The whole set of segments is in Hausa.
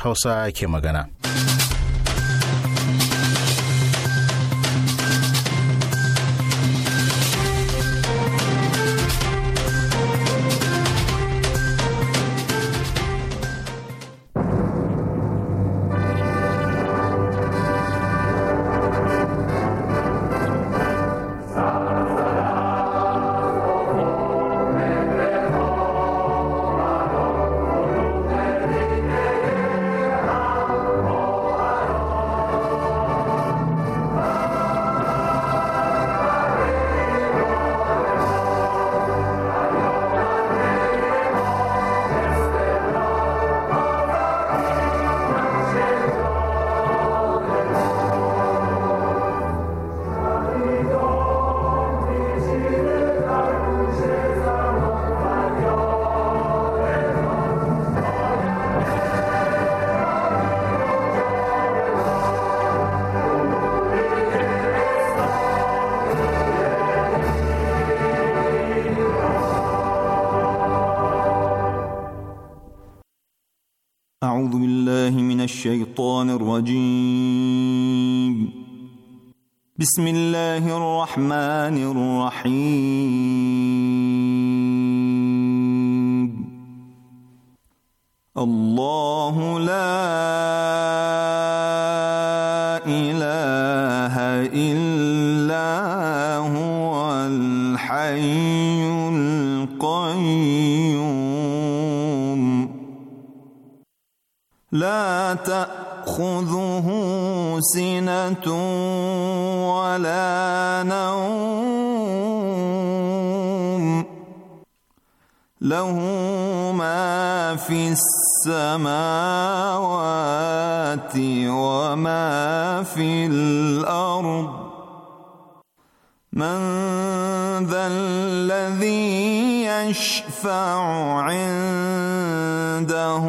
hausa ke magana بسم الله لهم لَهُ مَا فِي السَّمَاوَاتِ وَمَا فِي الْأَرْضِ مَنْ ذَا الَّذِي يَشْفَعُ عِندَهُ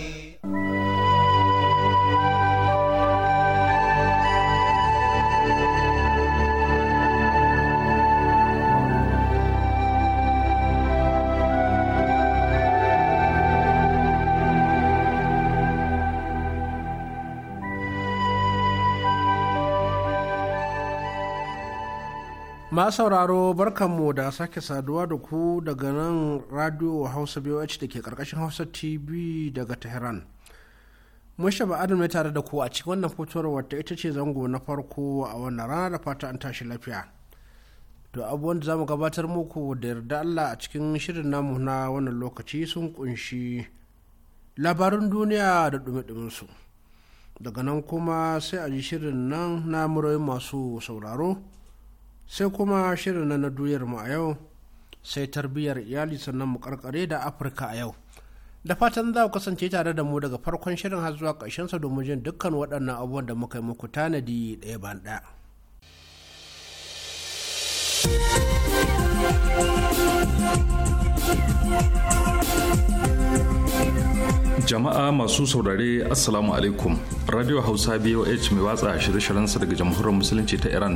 ma sauraro barkanmu da sake saduwa da ku daga nan radio hausa boh da ke karkashin hausa tv daga tehran mushaba adam mai tare da ku a cikin wannan fitowar wata ita ce zango na farko a wannan rana da fata an tashi lafiya to abubuwan da zamu gabatar muku da yarda allah a cikin shirin namu na wannan lokaci sun kunshi labarin duniya da dumi su daga nan kuma sai a ji shirin nan na murayin masu sauraro sai kuma shirin na duniyar mu a yau sai tarbiyyar iyali sannan mu karkare da afirka a yau da fatan za ku kasance tare da mu daga farkon shirin har zuwa sa domin jin dukkan waɗannan abubuwan da muka yi muku tanadi ɗaya ban ɗaya. jama'a masu saurare assalamu alaikum radio hausa boh mai watsa shirye-shiryensa daga jamhuriyar musulunci ta iran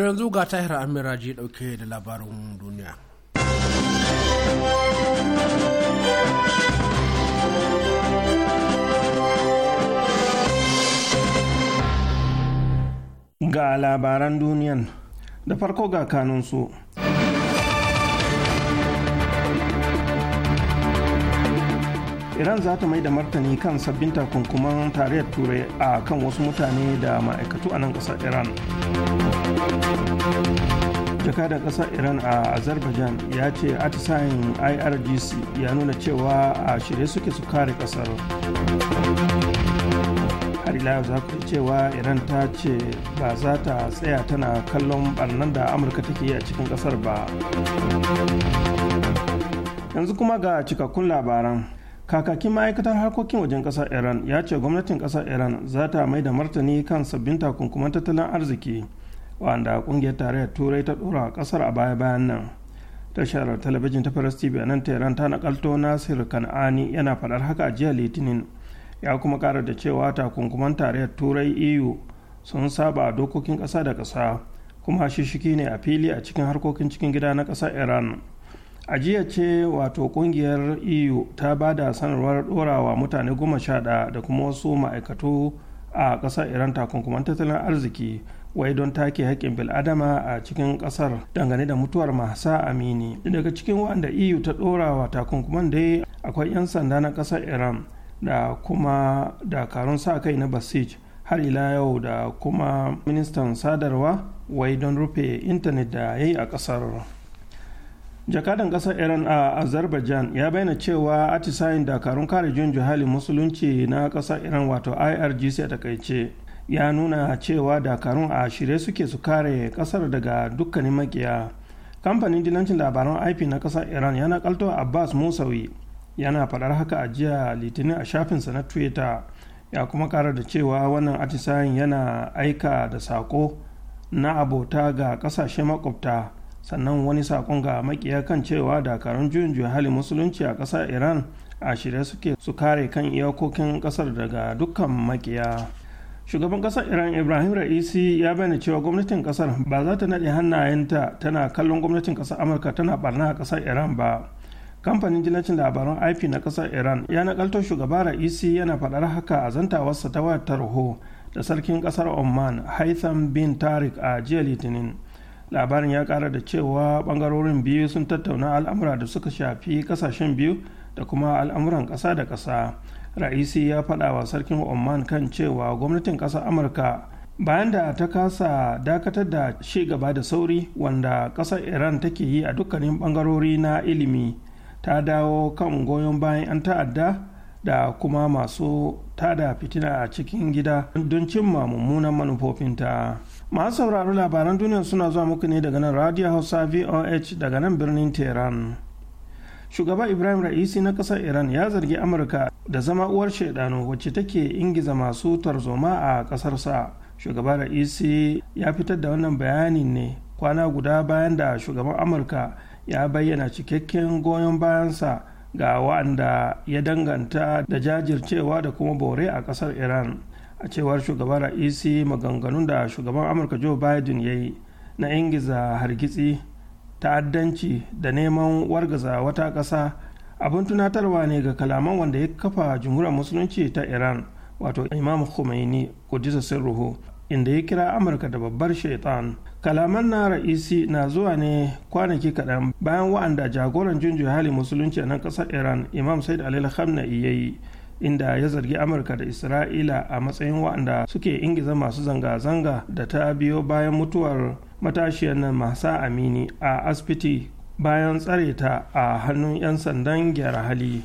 To yanzu ga tahir ji dauke da labarin duniya. Ga labaran duniyan da farko ga kanunsu. su. iran za ta mai da martani kan sabbin takunkuman tarayyar turai a kan wasu mutane da ma'aikatu a nan ƙasar iran jakadar ƙasar iran a azerbaijan ya ce atisayin irgc ya nuna cewa a shirye suke su kare ƙasar har ila za ku cewa iran ta ce ba za ta tsaya tana kallon barnan da amurka take yi a cikin ƙasar ba yanzu kuma ga cikakkun labaran kakakin ma'aikatar harkokin wajen ƙasar iran ya ce gwamnatin ƙasar iran za ta mai da martani kan sabbin takunkuman tattalin arziki wanda ƙungiyar tarayyar turai ta ɗora ƙasar a baya-bayan nan tashar talabijin ta faras tv a nan tehran ta nakalto nasir kan'ani yana faɗar haka a jiya litinin ya kuma ƙara da cewa takunkuman tarayyar turai eu sun saba a dokokin ƙasa da ƙasa kuma shishiki ne a fili a cikin harkokin cikin gida na ƙasar iran a jiya ce wato kungiyar eu ta ba da sanarwar dorawa mutane goma sha da kuma wasu ma'aikatu a ƙasar iran takunkuman tattalin arziki wai don take haƙƙin bil'adama a cikin ƙasar dangane da mutuwar mahasa amini daga cikin wanda eu ta dorawa takunkuman dai akwai 'yan sanda na ƙasar iran da kuma dakarun sa kai na basij har ila yau da kuma ministan sadarwa wai don rufe intanet da ya yi a ƙasar jakadan kasar iran a azerbaijan ya bayyana cewa atisayin dakarun kare juyin juhalin musulunci na kasar iran wato irgc a takaice ya nuna cewa dakarun a shirye suke su kare kasar daga dukkanin makiya kamfanin dilancin labaran ip na kasar iran yana kalto abbas musawi yana faɗar haka a jiya litinin a shafinsa na twitter ya kuma ƙara da cewa wannan atisayin yana aika da sako na abota ga ƙasashe makwabta sannan wani sakon ga makiya kan cewa dakarun juyin juya hali musulunci a ƙasar iran a shirye suke su kare kan iyakokin ƙasar daga dukkan makiya shugaban ƙasar iran ibrahim ra'isi ya bayyana cewa gwamnatin ƙasar ba za ta naɗe hannayenta tana kallon gwamnatin ƙasar amurka tana barna a ƙasar iran ba kamfanin jinacin labaran ip na ƙasar iran ya nakalto shugaba ra'isi yana faɗar haka a zantawarsa ta wayar tarho da sarkin ƙasar oman haitham bin tarik a jiya litinin labarin ya kara da cewa bangarorin biyu sun tattauna al'amura da suka shafi kasashen biyu da kuma al'amuran kasa da kasa ra'isi ya faɗa wa sarkin oman kan cewa gwamnatin ƙasar amurka bayan da ta kasa dakatar da shi gaba da sauri wanda ƙasar iran take yi a dukkanin bangarori na ilimi ta dawo kan goyon bayan 'yan ta'adda da kuma masu tada fitina a cikin gida don cimma mummunan manufofinta. masu sauraro labaran duniya suna zuwa muku ne daga nan radio hausa voh daga nan birnin tehran shugaba ibrahim ra'isi na kasar iran ya zargi amurka da zama uwar shaidano wacce take ingiza masu tarzoma a kasarsa shugaba ra'isi ya fitar da wannan bayani ne kwana guda bayan da shugaban amurka ya bayyana cikakken goyon bayansa ga wa'anda ya danganta da jajircewa da kuma bore a kasar iran a cewar shugaba ra'isi maganganun da shugaban amurka joe biden ya yi na ingiza hargitsi ta'addanci da neman wargaza wata ƙasa abin tunatarwa ne ga kalaman wanda ya kafa jumhuriyar musulunci ta iran wato imam khomeini kudisa sirruhu inda ya kira amurka da babbar shaitan kalaman na ra'isi na zuwa ne kwanaki kaɗan bayan wa'anda jagoran junju hali musulunci a nan ƙasar iran imam said alil khamna ya yi inda ya zargi amurka da isra'ila a matsayin waɗanda suke ingiza masu zanga-zanga da ta biyo bayan mutuwar matashiyar nan masa amini a asibiti bayan tsare ta a hannun 'yan sandan gyara hali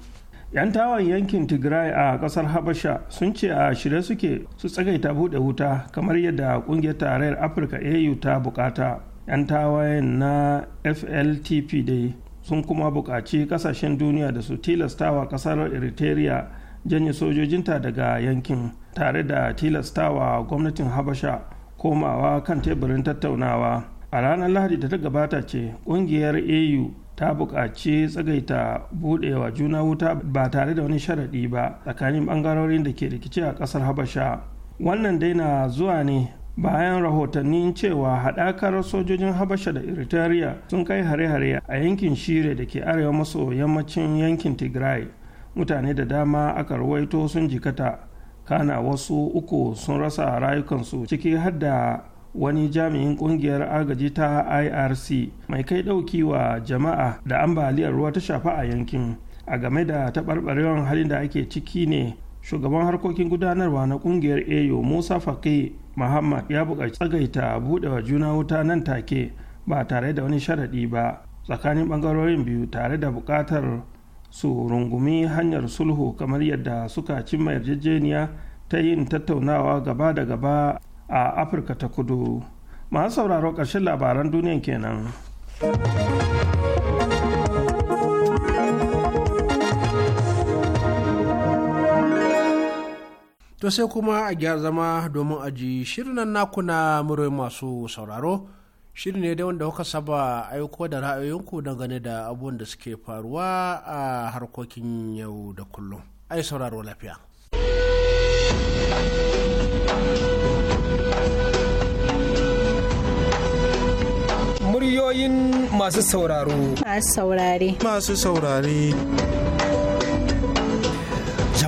'yan tawon yankin tigray a ƙasar habasha sun ce a shirye suke su tsagaita buɗe wuta kamar yadda ƙungiyar tarayyar afirka au ta bukata 'yan tawayen na fltp dai sun kuma buƙaci ƙasashen duniya da su tilastawa ƙasar eritrea janye sojojinta daga yankin tare da tilastawa gwamnatin habasha komawa kan teburin tattaunawa a ranar lahadi da ta gabata ce ƙungiyar au ta buƙaci tsagaita buɗewa juna wuta ba tare da wani sharaɗi ba tsakanin ɓangarorin da ke rikici a ƙasar habasha wannan dai na zuwa ne bayan rahotannin cewa haɗakar sojojin habasha da eritrea sun kai hare-hare a yankin shire da ke arewa maso yammacin yankin tigray mutane da dama aka ruwaito sun jikata kana wasu uku sun rasa rayukansu ciki har da wani jami'in kungiyar agaji ta irc mai kai dauki wa jama'a da ambaliyar ruwa ta shafa a yankin a game da taɓarɓarewar halin da ake ciki ne shugaban harkokin gudanarwa na kungiyar ayo musa fake muhammad ya buƙaci tsagaita buɗewa juna wuta nan take ba tare da wani sharaɗi ba tsakanin ɓangarorin biyu tare da buƙatar su rungumi hanyar sulhu kamar yadda suka cimma yarjejeniya ta yin tattaunawa gaba da gaba a afirka ta kudu masu sauraro ƙarshen labaran duniyan kenan. to sai kuma a gyara zama domin aji shirin nan naku na masu sauraro shiri ne da wanda kuka saba aiko da ra'ayoyinku dangane da abubuwan da suke faruwa a harkokin yau da kullum ai sauraro lafiya muryoyin masu sauraro masu saurare masu saurare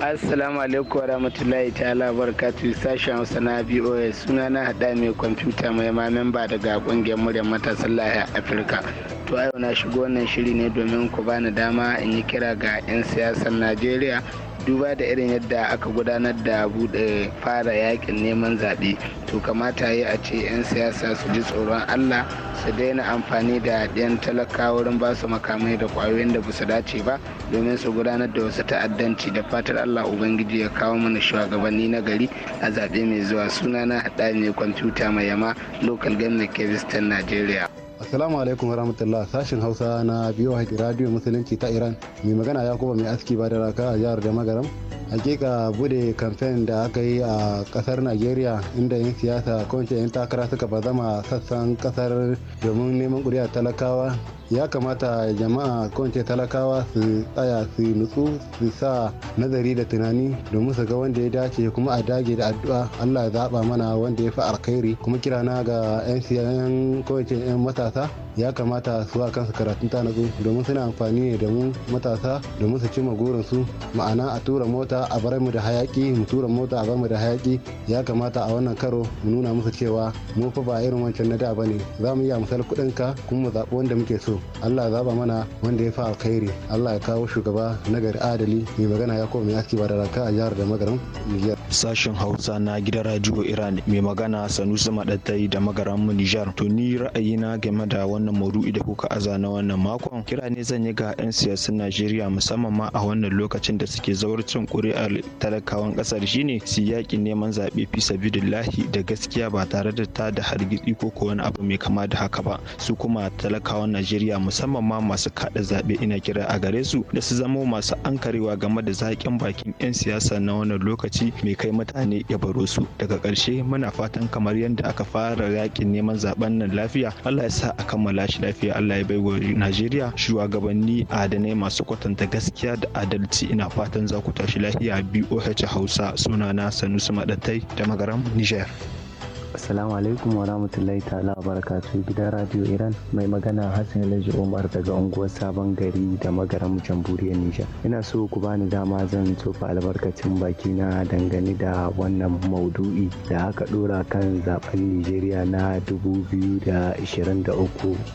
assalamu alaikum wa rahmatullahi ta'ala barakatu sashen hausa na boa suna na hada mai kwamfuta mai ma memba daga kungiyar muryar matasan a afirka to yau na shigo wannan shiri ne domin ku bani dama in yi kira ga 'yan siyasar najeriya duba da irin yadda aka gudanar da bude fara yakin neman zaɓe to kamata yi a ce 'yan siyasa su ji tsoron allah su daina amfani da ɗiyan talaka wurin ba su makamai da ƙwayoyin da su dace ba domin su gudanar da wasu ta'addanci da fatar allah ubangiji ya kawo mana shugabanni na gari a zaɓe mai zuwa sunana haɗa mai kwamfuta mai yama local government kebistan nigeria. Assalamu alaikum warahmatullah sashin Hausa na biyo haƙi radio musulunci ta Iran mai magana ya kuma mai aski ba da raka a jihar da magaram. Hakika bude kamfen da aka yi a kasar Najeriya inda 'yan siyasa kawance 'yan takara suka bazama sassan kasar domin neman ƙuri'a talakawa ya kamata jama'a kwance talakawa su tsaya su nutsu su sa nazari da tunani domin su ga wanda ya dace kuma a dage da addu'a allah ya zaba mana wanda ya fi alkhairi kuma kirana ga 'yan siyan kwance 'yan matasa ya kamata su wa kansu karatun ta domin suna amfani ne da mu matasa domin su cimma su ma'ana a tura mota a bar mu da hayaki mu tura mota a bar mu da hayaki ya kamata a wannan karo mu nuna musu cewa mu fa ba irin wancan na da bane za mu iya misal kuɗin ka kuma mu zaɓi wanda muke so Allah ya zaba mana wanda ya fi alkhairi Allah ya kawo shugaba nagari adali mai magana ya komai mai aski ba da raka a jihar da magaran Niger. sashen hausa na gidan radio iran mai magana sanusi maɗatai da magaran mu nijar to ni ra'ayina game da wannan maudu'i da kuka aza na wannan makon kira ne zan yi ga 'yan siyasan najeriya musamman ma a wannan lokacin da suke cin ƙuri'ar talakawan ƙasar shine su yaki neman zaɓe fi sabidillahi da gaskiya ba tare da ta da hargitsi ko ko wani abu mai kama da haka ba su kuma talakawan najeriya musamman ma masu kaɗa zaɓe ina kira a gare su da su zama masu ankarewa game da zaƙin bakin 'yan siyasa na wannan lokaci mai kai mutane ya baro su daga ƙarshe muna fatan kamar yadda aka fara yakin neman zaben nan lafiya Allah ya sa a kammala shi lafiya Allah ya baiwa Najeriya shugabanni adanai masu kwatanta gaskiya da adalci ina fatan za ku tashi lafiya BOH Hausa sunana Sanusi Madatai da Magaram Niger. Assalamu alaikum wa rahmatullahi ta'ala wa barakatu gidan Radio Iran mai magana Hassan Laji Umar daga unguwar Sabon Gari da magaran Jamhuriyar Nijar. Ina so ku bani dama zan tofa albarkacin baki na dangane da wannan maudu'i da aka dora kan zaben Nijeriya na 2023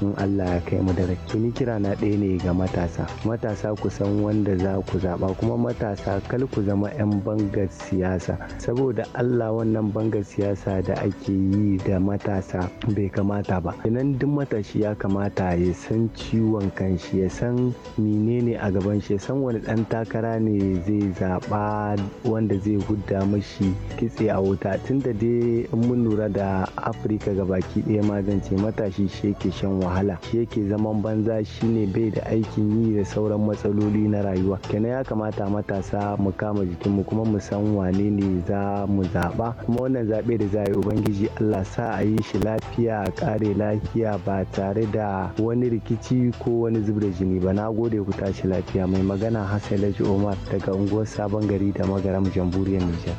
in Allah ya kai mu da rai. ni kira na ɗaya ne ga matasa. Matasa ku san wanda za ku zaɓa kuma matasa kal ku zama 'yan bangar siyasa saboda Allah wannan bangar siyasa da ake yi da matasa bai kamata ba kenan duk matashi ya kamata ya san ciwon kanshi ya san menene a gaban shi ya san wani dan takara ne zai zaɓa wanda zai hudda mashi kitse a wuta tunda dai in mun lura da afirka gabaki ɗaya ma zan matashi shi yake shan wahala shi yake zaman banza shi ne bai da aikin yi da sauran matsaloli na rayuwa kenan ya kamata matasa mu kama jikinmu kuma mu san wane ne za mu zaɓa kuma wannan zaɓe da za a yi ubangiji ubangiji allah sa a yi shi lafiya a kare lafiya ba tare da wani rikici ko wani zubda jini ba na gode ku tashi lafiya mai magana hassan laji omar daga unguwar sabon gari da magaram jamhuriyar nijar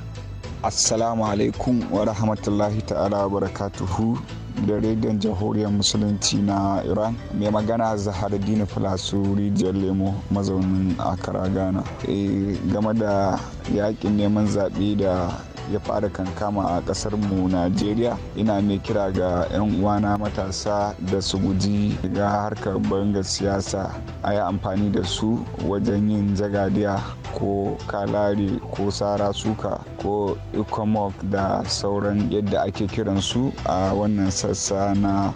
assalamu alaikum wa rahmatullahi ta'ala wa barakatuhu da rediyon jamhuriyar musulunci na iran mai magana zahar dina filasu rijiyar lemo mazaunin akara ghana eh, game da yakin neman zaɓe da ya fara kankama a ƙasar mu Najeriya ina mai kira ga 'yan uwana matasa da su guji ga harkar banga siyasa a yi amfani da su wajen yin zagadiya ko kalari ko sara suka ko ikomok da sauran yadda ake kiransu a wannan sassa na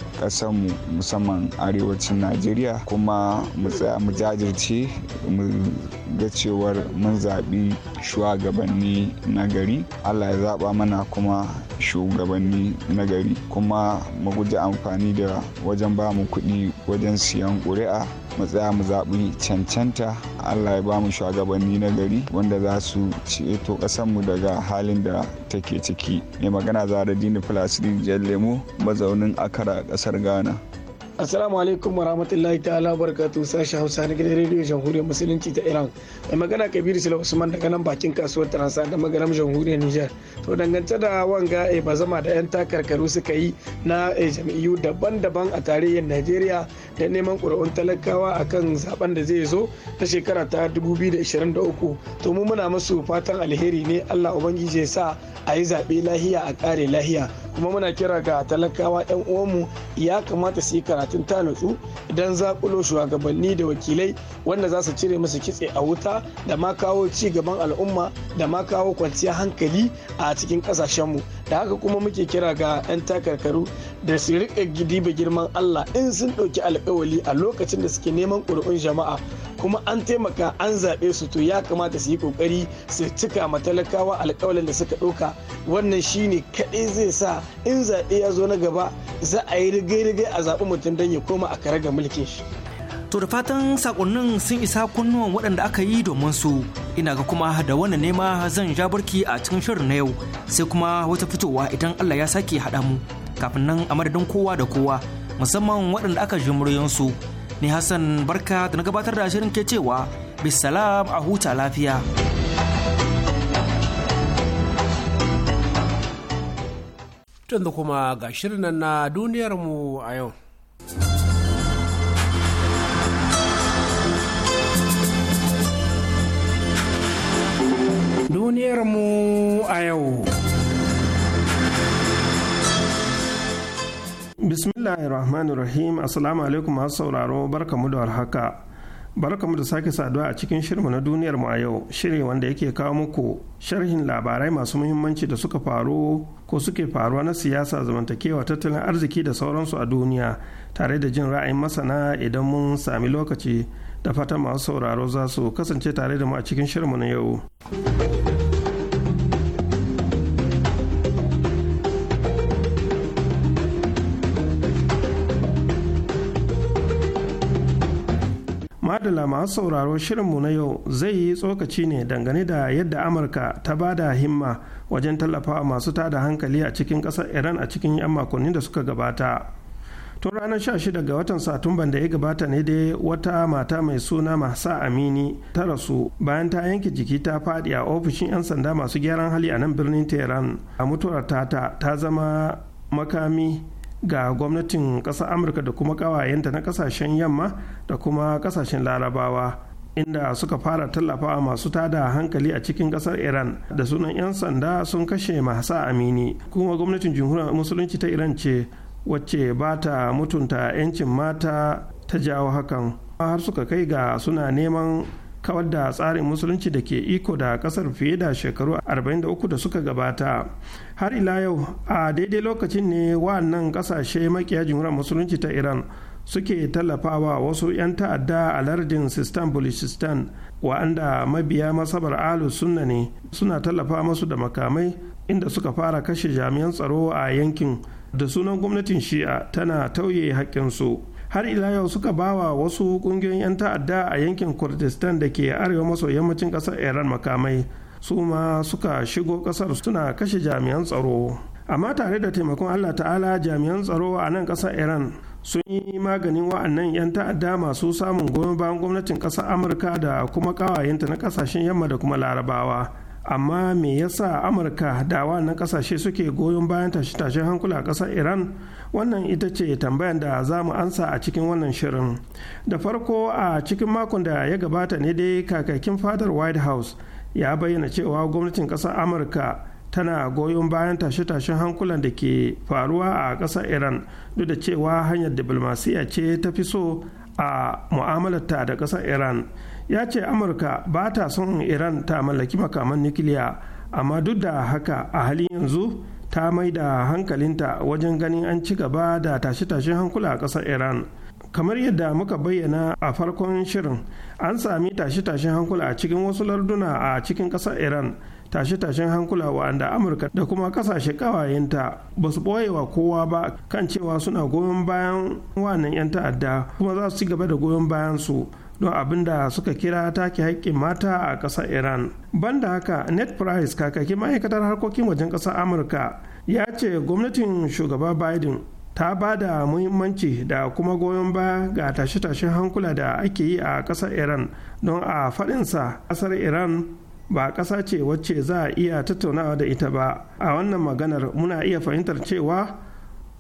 mu musamman arewacin najeriya kuma mu tsaya mu jajirce mu ga cewar mun zaɓi shugabanni na gari allah ya zaɓa mana kuma shugabanni na gari kuma mu guji amfani da wajen ba mu kuɗi wajen siyan ƙuri'a mu tsaya mu zaɓi cancanta allah ya bamu shugabanni na gari wanda za su ceto mu daga halin da take ciki mai magana zara dini filasiri jan lemo mazaunin akara ƙasar ghana Assalamu alaikum wa rahmatullahi ta'ala barakatuhu sashi Hausa na gidan rediyo Jamhuriyar Musulunci ta Iran. Mai magana Kabir Sula Usman daga nan bakin kasuwar Transa da magaram Jamhuriyar niger To dangance da wanga e bazama da yan takarkaru suka yi na eh, jam'iyyu daban-daban a tarihin Najeriya da neman ƙuri'un talakawa a kan zaben da zai zo ta shekara ta 2023. To mu muna musu fatan alheri ne Allah ubangiji ya sa a yi zaɓe lahiya a ƙare lahiya. kuma muna kira ga talakawa 'yan uwanmu ya kamata su yi karatun ta nutsu don zakulo shugabanni da wakilai wanda za su cire musu kitse a wuta da ma kawo ci gaban al'umma da ma kawo kwanciyar hankali a cikin kasashenmu da haka kuma muke kira ga 'yan takarkaru da su riƙa diba girman allah in sun ɗauki alkawali a lokacin da suke neman ƙuri'un jama'a kuma an taimaka an zaɓe su to ya kamata su yi ƙoƙari su cika ma talakawa alƙawalin da suka ɗauka wannan shi ne kaɗai zai sa in zaɓe ya zo na gaba za a yi rigai-rigai a zaɓi mutum don ya koma a kare ga mulkin shi. To da fatan sakonnin sun isa kunnuwan waɗanda aka yi domin su ina ga kuma da wannan nema zan ja barki a cikin shirin na yau sai kuma wata fitowa idan Allah ya sake haɗa mu kafin nan a madadin kowa da kowa musamman waɗanda aka ji muryansu su ni Hassan barka da na gabatar da shirin ke cewa bisalam a huta lafiya. Tunda kuma ga shirin na duniyarmu a yau. Duniyarmu a yau. Bismillahirrahmanirrahim Assalamu alaikum masu sauraro barkamu da warhaka. Barkamu da sake saduwa a cikin shirmu na duniyar mu a yau, shiri wanda yake kawo muku sharhin labarai masu muhimmanci da suka faru ko suke faruwa na siyasa zamantakewa tattalin arziki da sauransu a duniya tare da jin ra'ayin masana idan mun sami lokaci da fatan masu sauraro za su kasance tare da mu a cikin shirmu na yau. adala masu sauraro shirinmu na yau zai yi tsokaci ne dangane da yadda amurka ta ba da himma wajen tallafawa masu tada hankali a cikin kasar iran a cikin 'yan makonni da suka gabata tun ranar 16 ga watan satumban da ya gabata ne dai wata mata mai suna masa amini ta rasu bayan ta yanke jiki ta faɗi a ofishin 'yan sanda masu gyaran hali a nan birnin tehran a mutuwar tata ta zama makami ga gwamnatin ƙasar amurka da kuma ƙawayenta na ƙasashen yamma da kuma ƙasashen larabawa inda suka fara tallafawa masu tada hankali a cikin ƙasar iran da sunan 'yan sanda sun kashe mahasa amini kuma gwamnatin jamhuriyar musulunci ta iran ce wacce ba ta mutunta 'yancin mata ta jawo hakan har suka kai ga suna neman kawar da tsarin musulunci da ke iko da kasar fiye da shekaru 43 da suka gabata har ila yau a daidai lokacin ne wa'annan kasashe makiya jimurar musulunci ta iran suke tallafawa wasu 'yan ta'adda a lardin sistan bulishistan wa'anda mabiya masabar alu sunna ne suna tallafa masu da makamai inda suka fara kashe jami'an tsaro a yankin da sunan gwamnatin shi'a tana tauye haƙƙinsu har ila yau suka bawa wasu kungiyoyin 'yan ta'adda a yankin kurdistan da ke arewa maso yammacin kasar iran makamai su ma suka shigo kasar suna kashe jami'an tsaro amma tare da taimakon allah ta'ala jami'an tsaro a nan kasar iran sun yi maganin wa'annan 'yan ta'adda masu samun goyon bayan gwamnatin kasar amurka da kuma kawayenta na kasashen yamma da kuma larabawa amma me yasa amurka da na kasashe suke goyon bayan tashe-tashen hankula a ƙasar iran wannan ita ce tambayan da za mu ansa a cikin wannan shirin da farko a cikin makon da ya gabata ne dai kakakin fadar white house ya bayyana cewa gwamnatin ƙasar amurka tana goyon bayan tashe-tashen hankulan da ke faruwa a ƙasar iran duk da cewa hanyar diplomasiya ce ta fi so a mu'amalarta da ƙasar iran ya ce amurka ba ta son iran ta mallaki makaman nukiliya amma duk da haka a halin yanzu ta mai da hankalinta wajen ganin an ci gaba da tashe-tashen hankula a ƙasar iran kamar yadda muka bayyana a farkon shirin an sami tashe-tashen hankula a cikin wasu larduna a cikin ƙasar iran tashe-tashen hankula wa'anda amurka da kuma kasashe ƙawayenta ba su wa kowa ba kan cewa suna goyon bayan wannan 'yan ta'adda kuma za su ci gaba da goyon bayan su don abin da suka kira take haƙƙin mata a ƙasar iran banda haka net price kakakin ma'aikatar harkokin wajen ƙasar amurka ya ce gwamnatin shugaba biden ta ba da muhimmanci da kuma goyon ba ga tashe-tashen hankula da ake yi a ƙasar iran don a faɗinsa ƙasar iran ba ƙasa ce wacce za a iya tattaunawa da ita ba a wannan maganar muna iya fahimtar cewa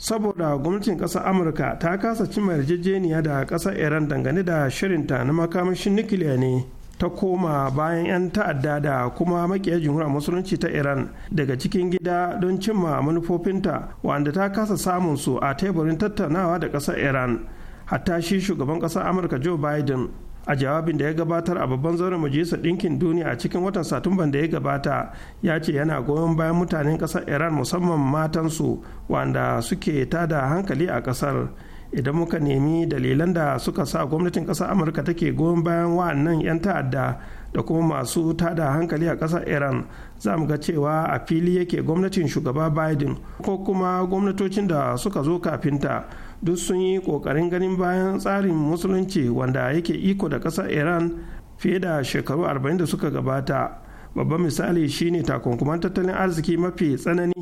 saboda gwamnatin ƙasar amurka ta kasa cimma yarjejeniya da ƙasar iran dangane da shirinta na makamashin nukiliya ne ta koma bayan 'yan ta'adda da kuma makiya jamhuriyar musulunci ta iran daga cikin gida don cimma manufofinta wanda ta kasa samun su a teburin tattaunawa da ƙasar iran hatta shi shugaban ƙasar amurka joe biden a jawabin da ya gabatar a babban zauren majalisar ɗinkin duniya a cikin watan satumban da ya gabata ya ce yana goyon bayan mutanen ƙasar iran musamman matansu wanda suke tada hankali a ƙasar idan muka nemi dalilan da suka sa gwamnatin ƙasar amurka take goyon bayan wa'annan 'yan ta'adda da kuma masu tada hankali a ƙasar iran za mu ga cewa a fili yake gwamnatin shugaba biden ko kuma gwamnatocin da suka zo kafinta duk sun yi ƙoƙarin ganin bayan tsarin musulunci wanda yake iko da ƙasar iran fiye da shekaru 40 da suka gabata babban misali shine takunkuman tattalin arziki mafi tsanani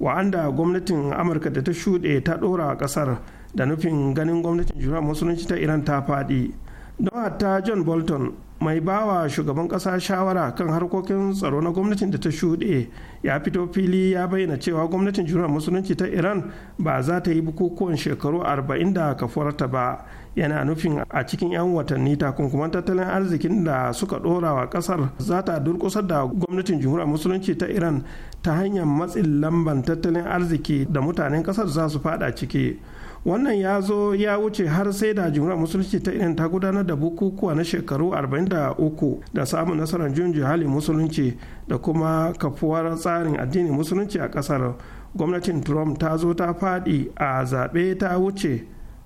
wa'anda gwamnatin amurka da ta shuɗe ta ɗora a ƙasar da nufin ganin gwamnatin juna musulunci ta iran ta faɗi don hatta john bolton mai bawa shugaban kasa shawara kan harkokin tsaro na gwamnatin da ta shuɗe ya fito fili ya bayyana cewa gwamnatin juriyar musulunci ta iran ba za ta yi bukukuwan shekaru 40 da kafuwarta ba yana nufin a cikin 'yan watanni takunkuman tattalin arzikin da suka ɗora wa ƙasar za ta durƙusar da gwamnatin jumhuriyar musulunci ta iran ta hanyar matsin lamban tattalin arziki da mutanen ƙasar za su fada ciki wannan ya zo ya wuce har sai da jumhuriyar musulunci ta irin ta gudanar da bukukuwa na shekaru 43 da samun nasarar jin jihali musulunci da kuma kafuwar tsarin addini musulunci a kasar gwamnatin trump ta zo ta fadi a zaɓe ta wuce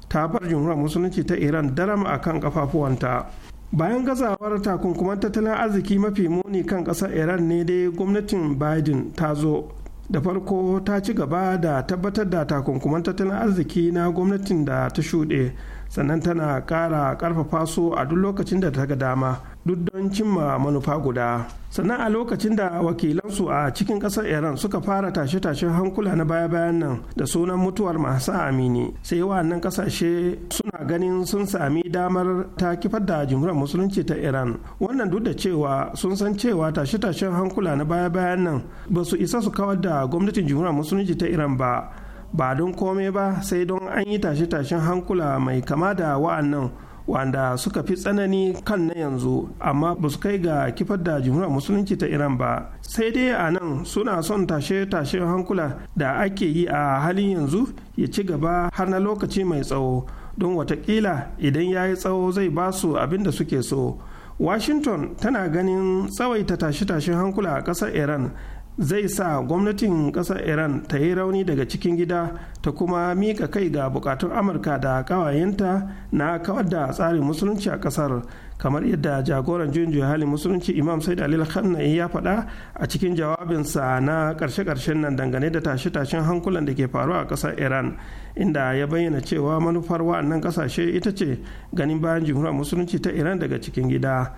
ta bar jumhuriyar musulunci ta iran daram a kan kafafuwanta bayan gazawar takunkuman tattalin arziki mafi muni kan ƙasar iran ne dai gwamnatin biden ta zo da farko ta ci gaba da tabbatar da takunkuman tattalin arziki na gwamnatin da ta shuɗe sannan tana ƙara ƙarfafa su a duk lokacin da ta ga dama duk don cimma manufa guda sannan a lokacin da wakilansu a cikin kasar iran suka fara tashe-tashen hankula na baya-bayan nan da sunan mutuwar mahsa amini sai wa'annan kasashe suna ganin sun sami damar ta kifar da jimhuriyar musulunci ta iran wannan duk da cewa sun san cewa tashe-tashen hankula na baya-bayan nan ba su isa su kawar da gwamnatin jimhuriyar musulunci ta iran ba ba don kome ba sai don an yi tashe-tashen hankula mai kama da wa'annan wanda suka fi tsanani kan na yanzu amma ba su kai ga kifar da jumhuriyar musulunci ta iran ba sai dai a nan suna son tashe-tashen hankula da ake yi a halin yanzu ya ci gaba har na lokaci mai tsawo don watakila idan ya yi tsawo zai ba su abin da suke so washington tana ganin tsawaita tashe-tashen hankula a ƙasar iran zai sa gwamnatin kasar iran ta yi rauni daga cikin gida ta kuma mika kai ga bukatun amurka da kawayenta na kawar da tsarin musulunci a kasar. kamar yadda jagoran juyin halin musulunci imam said alil khanna ya faɗa a cikin jawabinsa na karshe-karshen nan dangane da tashe-tashen hankulan da ke faruwa a kasar iran inda ya bayyana cewa manufar wa'annan kasashe ita ce ganin bayan jimhuriyar musulunci ta iran daga cikin gida.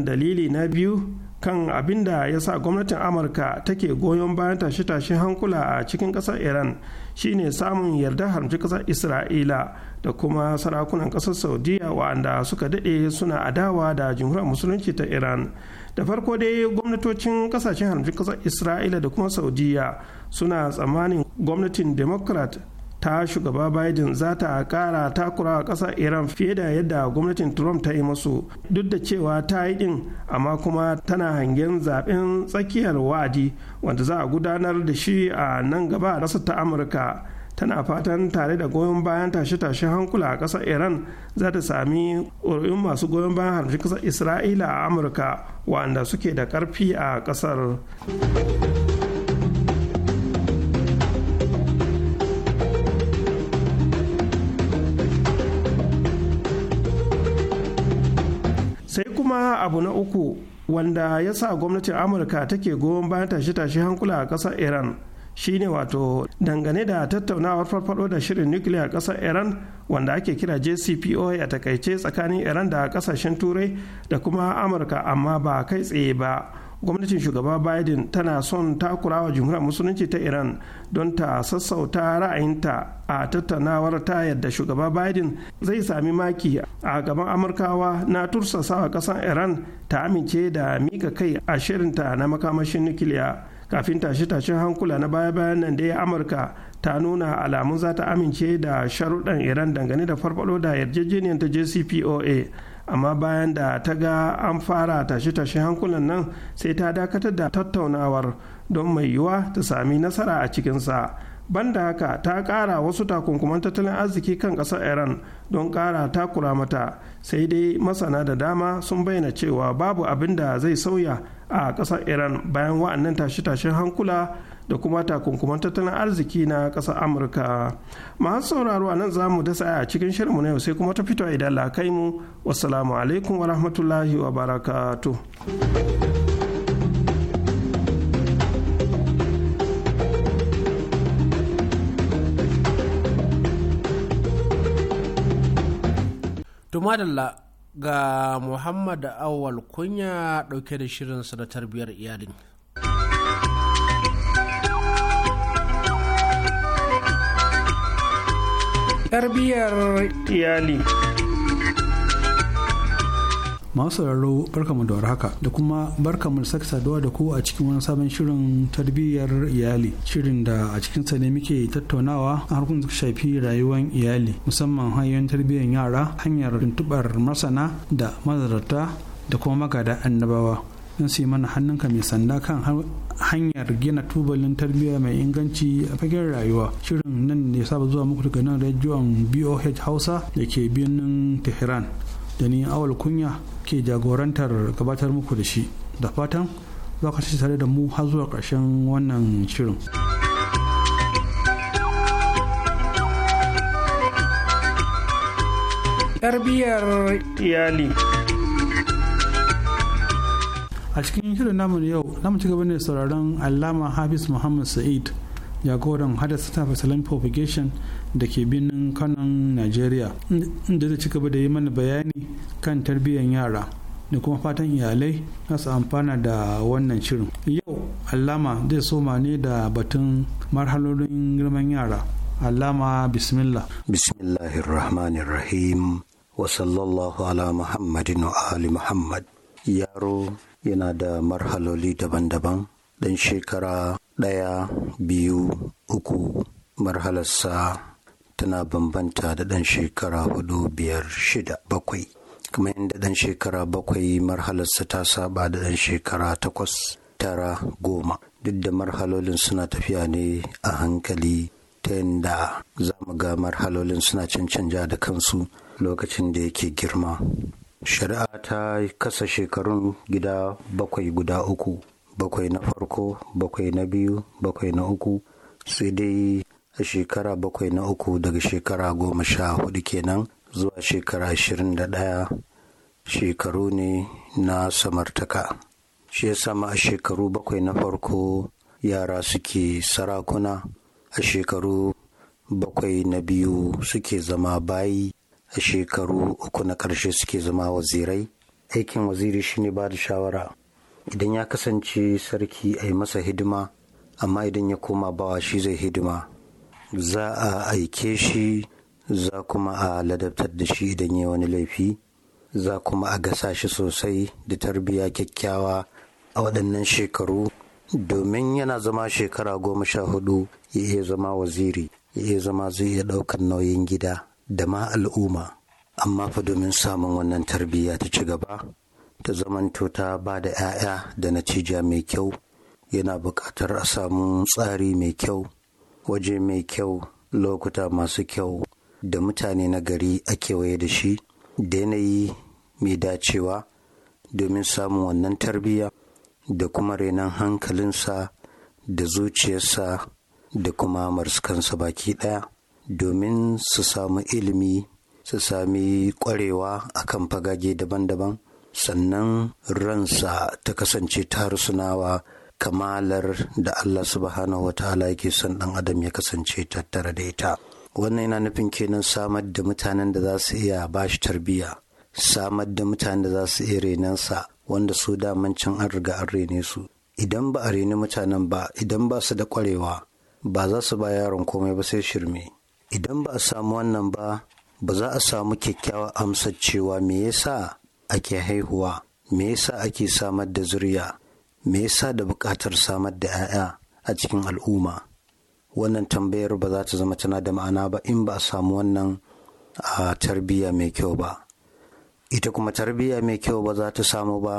wannan dalili na biyu kan abin da ya sa gwamnatin amurka take goyon bayan tashe-tashen hankula a cikin kasar iran shine samun yarda harmci kasar isra'ila da kuma sarakunan ƙasar saudiya wa'anda suka daɗe suna adawa da jimhuriyar musulunci ta iran da farko dai gwamnatocin kasashen harmci kasar isra'ila da kuma saudiya suna tsammanin gwamnatin democrat ta shugaba biden za ta kara takura a ƙasar iran fiye da yadda gwamnatin trump ta yi masu duk da cewa ta yi ɗin amma kuma tana hangen zaɓen tsakiyar wa'adi wanda za a gudanar da shi a nan gaba a ta amurka tana fatan tare da goyon bayan tashe-tashe hankula a ƙasar iran za ta sami ƙuri'un masu goyon bayan harbi ƙasar isra'ila a amurka wanda suke da ƙarfi a ƙasar kuma abu na uku wanda ya sa gwamnatin amurka take goyon bayan tashe-tashe hankula a ƙasar iran shine wato dangane da tattaunawar farfado da shirin nukiliya a ƙasar iran wanda ake kira jcpoa a takaice tsakanin iran da kasashen turai da kuma amurka amma ba kai tsaye ba gwamnatin shugaba biden tana son wa jamhuriyar musulunci ta iran don ta sassauta ra'ayinta a tattaunawar ta yadda shugaba biden zai sami maki a gaban amurkawa na tursasawa ƙasar iran ta amince da mika kai a shirinta na makamashin nukiliya kafin tashe-tashen hankula na baya-bayan nan da ya amurka ta nuna alamun za ta amince da sharuɗan iran dangane da farfado da yarjejeniyar ta jcpoa amma bayan da ta ga an fara tashe-tashe hankulan nan sai ta dakatar da tattaunawar don mai yiwuwa ta sami nasara a cikinsa banda haka ta kara wasu takunkuman tattalin arziki kan kasar iran don kara takura mata sai dai masana da dama sun bayyana cewa babu abin da zai sauya a kasar iran bayan wa'annan tashe-tashen hankula da kuma takunkuman tattalin arziki na ƙasar amurka masu sauraro a nan za mu dasa a cikin shirinmu na yau sai kuma ta fito idan lakai kai mu wasalamu alaikum wa rahmatullahi wa barakatu Tumadalla ga Muhammad Awal kunya ɗauke da shirinsa na tarbiyyar iyalin. tarbiyyar iyali masu sauraro mu da warhaka da kuma barka mu sake saduwa da ku a cikin wani sabon shirin tarbiyyar iyali shirin da a cikin sa ne muke tattaunawa a harkun da shafi rayuwar iyali musamman hanyoyin tarbiyyar yara hanyar tuntubar masana da mazarta da kuma magada annabawa sun sai mana hannunka mai sanda kan hanyar gina tubalin tarbiyya mai inganci a fagen rayuwa shirin nan ne saba zuwa muku daga nan rajiyon boh hausa da ke birnin tehran da ni awal kunya ke jagorantar gabatar muku da shi da fatan za ka ci tare da mu har zuwa ƙarshen wannan shirin. tarbiyyar iyali. a cikin shirin namu yau namu ci gaba ne sauraron alama hafiz muhammad sa'id jagoran hadasa ta fasalin propagation da ke Binin kanon nigeria inda zai ci gaba da yi mana bayani kan tarbiyyar yara da kuma fatan iyalai za su amfana da wannan shirin yau allama zai soma ne da batun marhalolin girman yara allama bismillah bismillahirrahmanirrahim wa sallallahu ala muhammadin wa ali muhammad yaro yana da marhaloli daban-daban ɗan shekara ɗaya biyu uku marhalarsa tana bambanta da ɗan shekara hudu biyar shida bakwai kamar yadda ɗan shekara bakwai marhalarsa ta saba da ɗan shekara takwas tara goma duk da marhalolin suna tafiya ne a hankali ta yadda za mu ga marhalolin suna cancanja da kansu lokacin da yake girma shari'a ta kasa shekarun gida bakwai guda uku bakwai na farko bakwai na biyu bakwai na uku sai dai a shekara bakwai na uku daga shekara goma sha hudu kenan zuwa shekara ashirin da ɗaya shekaru ne na samartaka shi ya sama a shekaru bakwai na farko yara suke sarakuna a shekaru bakwai na biyu suke zama bayi a shekaru uku na ƙarshe suke zama wazirai aikin waziri shine ba da shawara idan ya kasance sarki a yi masa hidima amma idan ya koma bawa shi zai hidima za a aike shi za kuma a ladabtar da shi idan ya wani laifi za kuma a gasa shi sosai da tarbiyya kyakkyawa a waɗannan shekaru domin yana zama shekara goma sha hudu ya iya zama waziri ya iya zama zai iya ɗaukar nauyin gida da ma al'umma amma fa domin samun wannan tarbiyya ta ci gaba ta zamanto ta ba da 'ya'ya da natija mai kyau yana buƙatar a samu tsari mai kyau waje mai kyau lokuta masu kyau da mutane na gari a kewaye da shi da yanayi mai dacewa domin samun wannan tarbiyya da kuma renon hankalinsa da zuciyarsa da kuma marskansa baki ɗaya domin su samu ilimi su sami ƙwarewa a kan fagage daban-daban sannan ransa ta kasance ta harsunawa kamalar da Allah subhanahu wa ta'ala yake son ɗan adam ya kasance tattara da ita wannan yana nufin kenan samar da mutanen da za su iya ba shi tarbiyya samar da mutanen da za su iya renansa wanda su daman can an riga an rene su idan ba a reni mutanen ba idan ba su da kwarewa ba za su ba yaron komai ba sai shirme idan ba a samu wannan ba ba za a samu kyakkyawar amsar cewa me yasa ake haihuwa me yasa ake samar da zuriya me yasa da buƙatar samar da 'ya'ya a cikin al'umma wannan tambayar ba za ta zama tana da ma'ana ba in ba a samu wannan a tarbiyya mai kyau ba ita kuma tarbiyya mai kyau ba za ta samu ba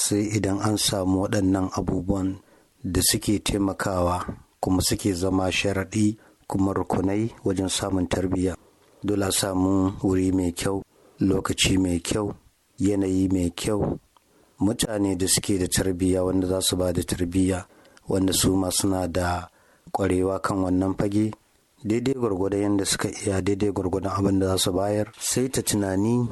sai idan an samu waɗannan abubuwan da suke taimakawa kuma suke zama sharaɗi kuma rukunai wajen samun tarbiyya dole samu wuri mai kyau lokaci mai kyau yanayi mai kyau mutane da suke da tarbiyya wanda za su ba da tarbiyya wanda su ma suna da kwarewa kan wannan fage daidai gwargwadon yadda suka iya daidai gwargwadon abin da za su bayar sai ta tunani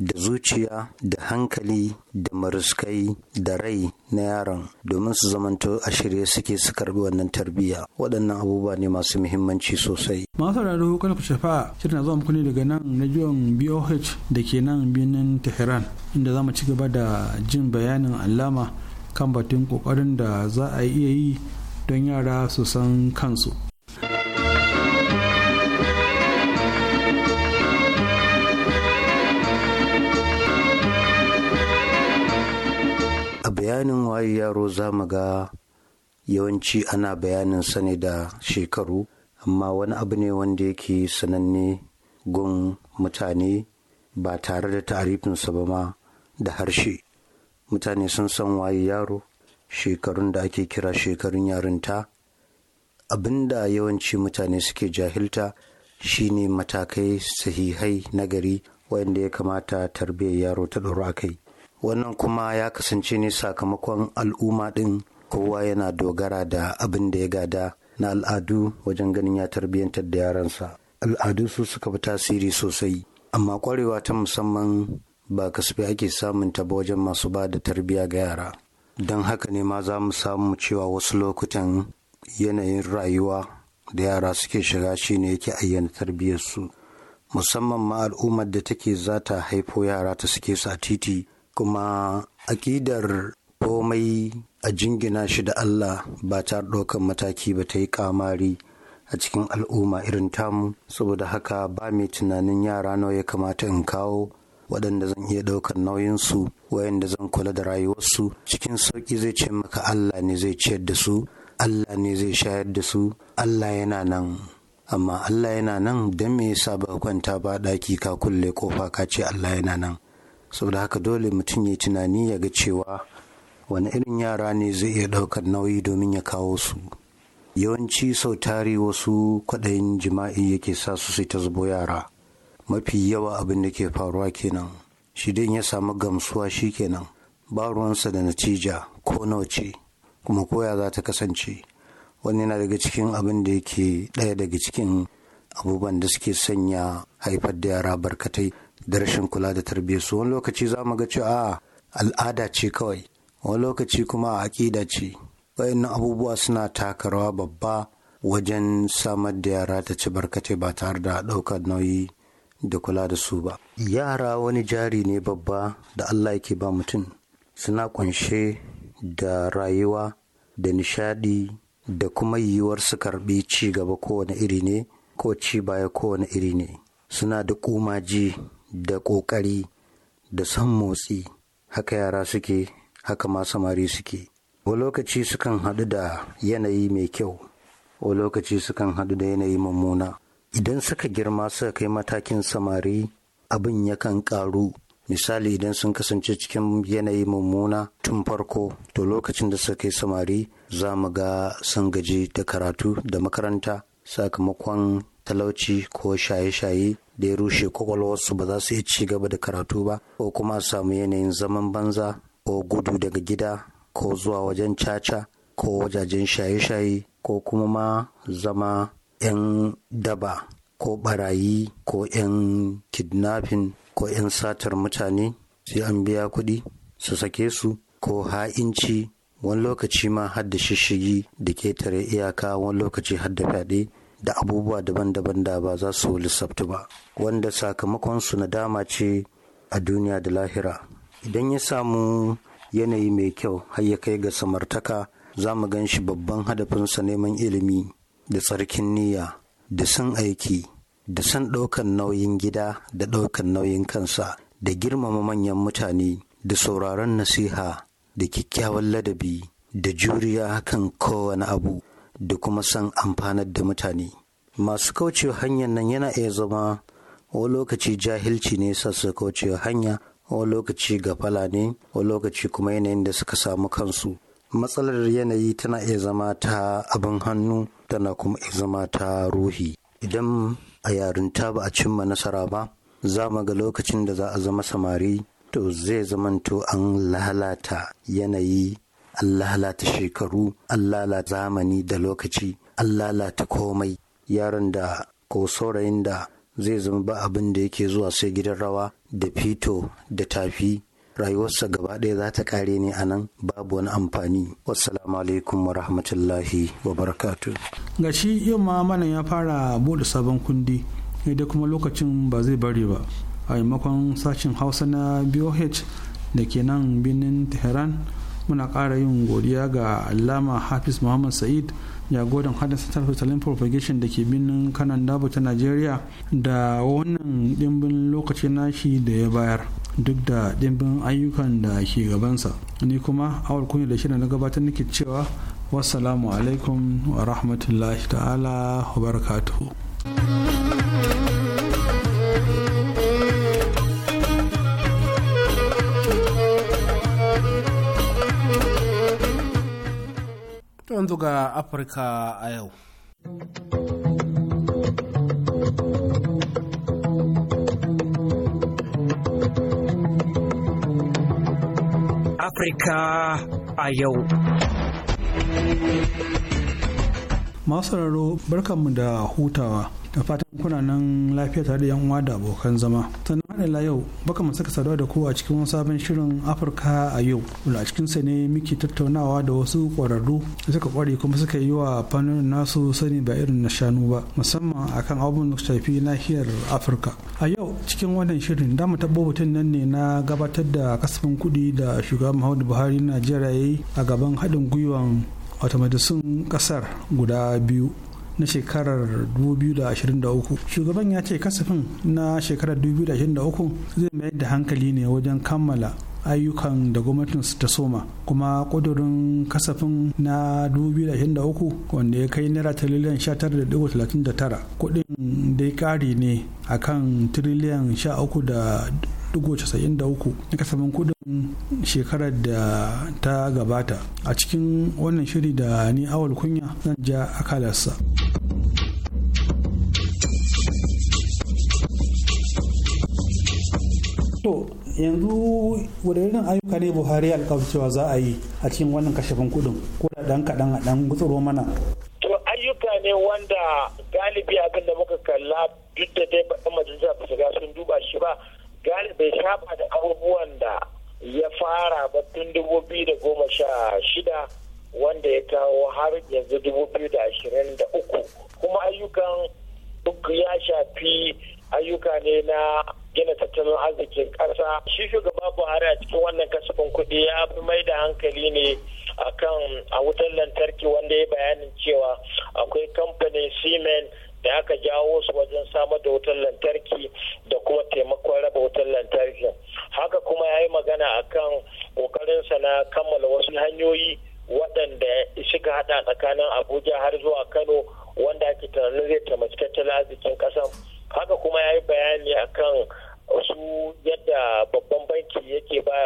da zuciya da hankali da maruskai da rai na yaron domin su zamanto a shirye suke su karbi wannan tarbiyya waɗannan abubuwa ne masu muhimmanci sosai masu raro kada ku shafa shirin zuwa zama ne daga nan na rajiyon boh da ke nan birnin tehran inda za mu ci gaba da jin bayanin alama kan batun kokarin da za a iya yi don yara su san kansu a bayanin waye yaro za mu ga yawanci ana bayanin sani da shekaru amma wani abu ne wanda yake sananne gun mutane ba tare da sa ba ma da harshe mutane sun san waye yaro shekarun da ake kira shekarun yarinta abinda yawanci mutane suke jahilta shine matakai sahihai nagari wanda ya kamata tarbiyyar yaro ta ɗora kai wannan kuma ya kasance ne sakamakon al'umma ɗin kowa yana dogara da abin da ya gada na al'adu wajen ganin ya tarbiyyantar da yaransa al'adu su suka fi tasiri sosai amma kwarewa ta musamman ba kasafi ake samun ta wajen masu ba da tarbiyya ga yara don haka ne ma za mu samu cewa wasu lokutan yanayin rayuwa da yara suke shiga shine yake ayyana tarbiyyarsu musamman ma al'ummar da take zata haifo yara ta suke su a titi kuma akidar komai a jingina shi da Allah ba ta ɗaukan mataki ba ta yi kamari a cikin al'umma irin tamu saboda haka ba mai tunanin yara nawa ya kamata in kawo waɗanda zan iya ɗaukar nauyinsu wayanda zan kula da rayuwarsu cikin sauƙi zai ce maka Allah ne zai ciyar da su Allah ne zai shayar da su Allah yana nan amma Allah yana nan don me yasa ba kwanta ba ɗaki ka kulle kofa ka ce Allah yana nan saboda haka dole mutum ya tunani ya ga cewa wani irin yara ne zai iya ɗaukar nauyi domin ya kawo su yawanci sau tari wasu kwaɗayin jima'i yake sa su sai ta zubo yara mafi yawa abin da ke faruwa kenan shi dai ya samu gamsuwa shi kenan ba ruwansa da natija ko nauce kuma koya za ta kasance wani yana daga cikin abin da yake ɗaya daga cikin abubuwan da suke sanya haifar da yara barkatai da rashin kula da tarbiyyar su wani lokaci za mu ga cewa al'ada ce kawai wani lokaci kuma a aƙida ce wayannan abubuwa suna taka rawa babba wajen samar da yara ta ci barkate ba tare da ɗaukar nauyi da kula da su ba yara wani jari ne babba da allah yake ba mutum suna ƙunshe da rayuwa da nishadi da kuma yiwuwar su karbi ci gaba kowane iri ne ko ci baya kowane iri ne suna da kumaji da ƙoƙari da son motsi haka yara suke haka ma samari suke Wa lokaci sukan haɗu da yanayi mai kyau Wa lokaci sukan haɗu da yanayi mummuna idan suka girma suka kai matakin samari abin yakan ƙaru misali idan sun kasance cikin yanayi mummuna tun farko to lokacin da suka kai samari za mu ga sun gaji da karatu da makaranta sakamakon talauci ko shaye-shaye da ya rushe kwakwalwarsu ba za su iya ci gaba da karatu ba ko kuma a samu yanayin zaman banza ko gudu daga gida ko zuwa wajen caca ko wajajen shaye-shaye ko kuma ma zama 'yan daba ko barayi ko 'yan kidnapping ko 'yan satar mutane sai an biya kuɗi su sake su ko ha'inci wani lokaci ma har da shishigi da ketare iyaka wani lokaci har da fyaɗe da abubuwa daban-daban da ba za su lissabtu ba wanda sakamakonsu na dama ce a duniya da lahira idan ya samu yanayi mai kyau har ya kai ga samartaka za mu gan shi babban hadafinsa neman ilimi da tsarkin niyya da san aiki da san ɗaukan nauyin gida da ɗaukan nauyin kansa da girmama manyan mutane da sauraron nasiha da kyakkyawan ladabi da juriya kan kowane abu da kuma san amfanar da mutane masu kaucewa hanyar nan yana iya zama wani lokaci jahilci ne sa su kaucewa hanya wani lokaci gafala ne wani lokaci kuma yanayin da suka samu kansu matsalar yanayi tana iya zama ta abin hannu tana kuma iya zama ta ruhi idan a yarinta ba a cimma nasara ba za mu ga lokacin da za a zama samari to zai zamanto an lalata yanayi an lalata shekaru an lalata zamani da lokaci an lalata komai yaron da ko saurayin da zai zama ba abin da yake zuwa sai gidan rawa da fito da tafi rayuwarsa gaba ɗaya za ta ƙare ne a nan babu wani amfani wassalamu alaikum wa rahmatullahi wa barakatu ga shi yau ma ya fara bude sabon kundi da kuma lokacin ba zai bari ba a maimakon sashen hausa na boh da ke nan birnin tehran muna ƙara yin godiya ga alama hafiz muhammad sa'id jagoran hadin satar for propagation da ke birnin kanan dabo ta nigeria da wannan dimbin lokacin nashi da ya bayar duk da dimbin ayyukan da ke gabansa ni kuma awal kunya da shirin na gabatar nake cewa wassalamu alaikum wa rahmatullahi ta'ala wa barakatuhu yanzu ga Afirka a yau. Afirka a yau. Masu raro barkanmu da hutawa da fatan kuna nan lafiya tare da yan uwa da abokan zama. la yau baka mu saka saduwa da ku a cikin wani sabon shirin afirka a yau wanda a cikinsa ne muke tattaunawa da wasu kwararru da suka kware kuma suka yi wa fannin nasu sani ba irin na shanu ba musamman akan abubuwan da shafi nahiyar afirka a yau cikin wannan shirin da mu batun nan ne na gabatar da kasafin kuɗi da shugaban muhammadu buhari najeriya ya a gaban haɗin gwiwan wata majalisun ƙasar guda biyu na shekarar 2023 shugaban ya ce kasafin na shekarar 2023 zai mayar da hankali ne wajen kammala ayyukan da gwamnatin ta soma kuma kudurin kasafin na 2023 wanda ya kai naira tiriliyan 19.39 kudin dai kari ne akan tiriliyan 13.93 na kasafin kudin shekarar da ta gabata a cikin wannan shiri da ni awal kunya zan ja akalarsa. yanzu wadannan ayyuka ne buhari cewa za a yi a cikin wannan kashefin kudin ko da dan kaɗan a dan gutsuro mana to ayyuka ne wanda galibi abin da muka kalla duk da dai baɗin majalisa ba su sun duba shi ba galibi shafa da abubuwan da ya fara ba tun dubu biyu da goma sha shida wanda ya kawo har yanzu dubu biyu da ashirin da uku kuma ayyukan duk ya shafi ayyuka ne na gina tattalin arzikin ƙasa shi shugaba buhari a cikin wannan kasafin kuɗi ya fi mai da hankali ne akan a wutar lantarki wanda ya bayanin cewa akwai kamfanin simen da aka jawo su wajen samar da wutar lantarki da kuma taimakon raba wutar lantarki haka kuma ya yi magana akan ƙoƙarinsa na kammala wasu hanyoyi waɗanda suka hada tsakanin abuja har zuwa kano wanda ake tunanin zai taimaki tattalin arzikin ƙasa haka kuma ya yi bayani akan su yadda babban banki yake ba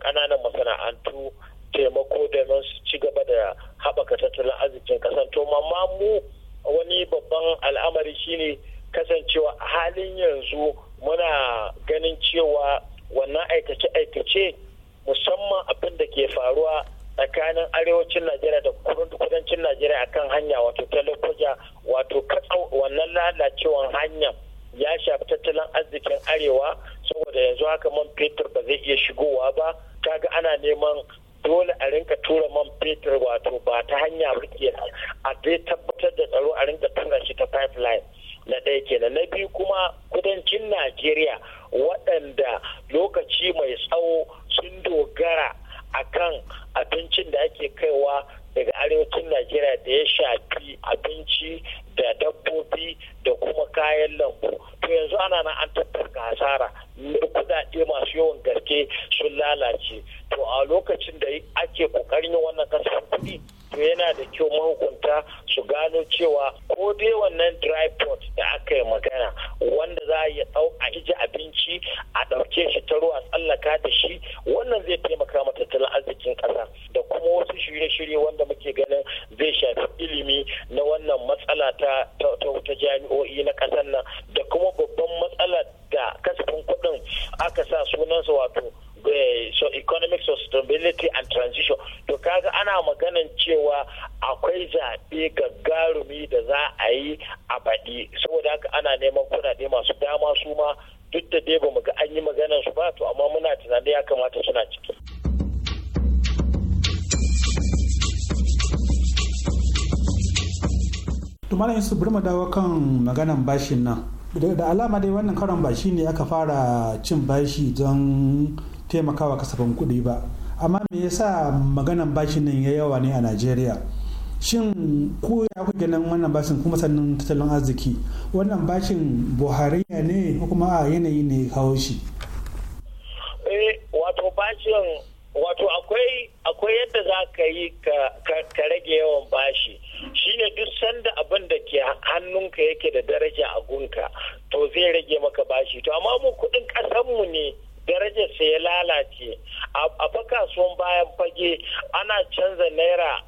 kananan masana'antu taimako domin su ci gaba da haɓaka tattalin arzikin kasan to amma mu wani babban al'amari shine kasancewa a halin yanzu muna ganin cewa wannan aikace-aikace musamman abin da ke faruwa tsakanin arewacin najeriya da kudancin najeriya akan hanya wato talakoja wato katsa wannan lalacewan hanyar ya shafi tattalin arzikin arewa saboda yanzu haka man fetur ba zai iya shigowa ba kaga ana neman dole a rinka tura man fetur wato ba ta hanya ba na a dai tabbatar da tsaro a rinka tura shi ta pipeline na ɗaya kenan na biyu kuma kudancin najeriya waɗanda lokaci mai tsawo sun dogara a kan abincin da ake kaiwa daga arewacin najeriya da ya shafi abinci da dabbobi da kuma kayan lambu to yanzu ana nan an tattarka hasara kudade masu yawan gaske sun lalace to a lokacin da ake kokarin wannan kasafin kuɗi to yana da kyau mahukunta su gano cewa ko dai wannan dry pot da aka yi magana wanda za a ɗau a ije abinci a ɗauke shi ta ruwa tsallaka da shi wannan zai taimaka matattalin tattalin arzikin ƙasa da kuma wasu shirye-shirye wanda muke ganin zai shafi ilimi na wannan matsala ta ta jami'o'i na ƙasar nan da kuma babban matsala da kasafin kuɗin aka sa sunansa wato Eh, so economic sustainability and transition to kaga ana maganan cewa akwai zaɓe gagarumi da za a yi a baɗi saboda haka ana neman kuɗaɗe masu dama su ma duk da dai ba mu ga an yi maganan su ba to amma muna tunanin ya kamata suna ciki tumana yin su bari mu dawo kan maganan bashin nan da alama dai wannan karon bashi ne aka fara cin bashi don taimakawa kasafin kuɗi ba amma me yasa maganan bashin nan ya yawa ne a najeriya shin ku ya ku ganin wannan bashin kuma sannan tattalin arziki wannan bashin buhariya ne ko kuma a yanayi ne kawo shi eh, wato bashin wato akwai akwai yadda za ka yi ka rage yawan bashi shine duk sanda abin da ke hannunka yake da daraja a gunka to zai rage maka bashi to amma mu kudin kasanmu ne daraja sa ya lalace a baka kasuwan bayan fage ana canza naira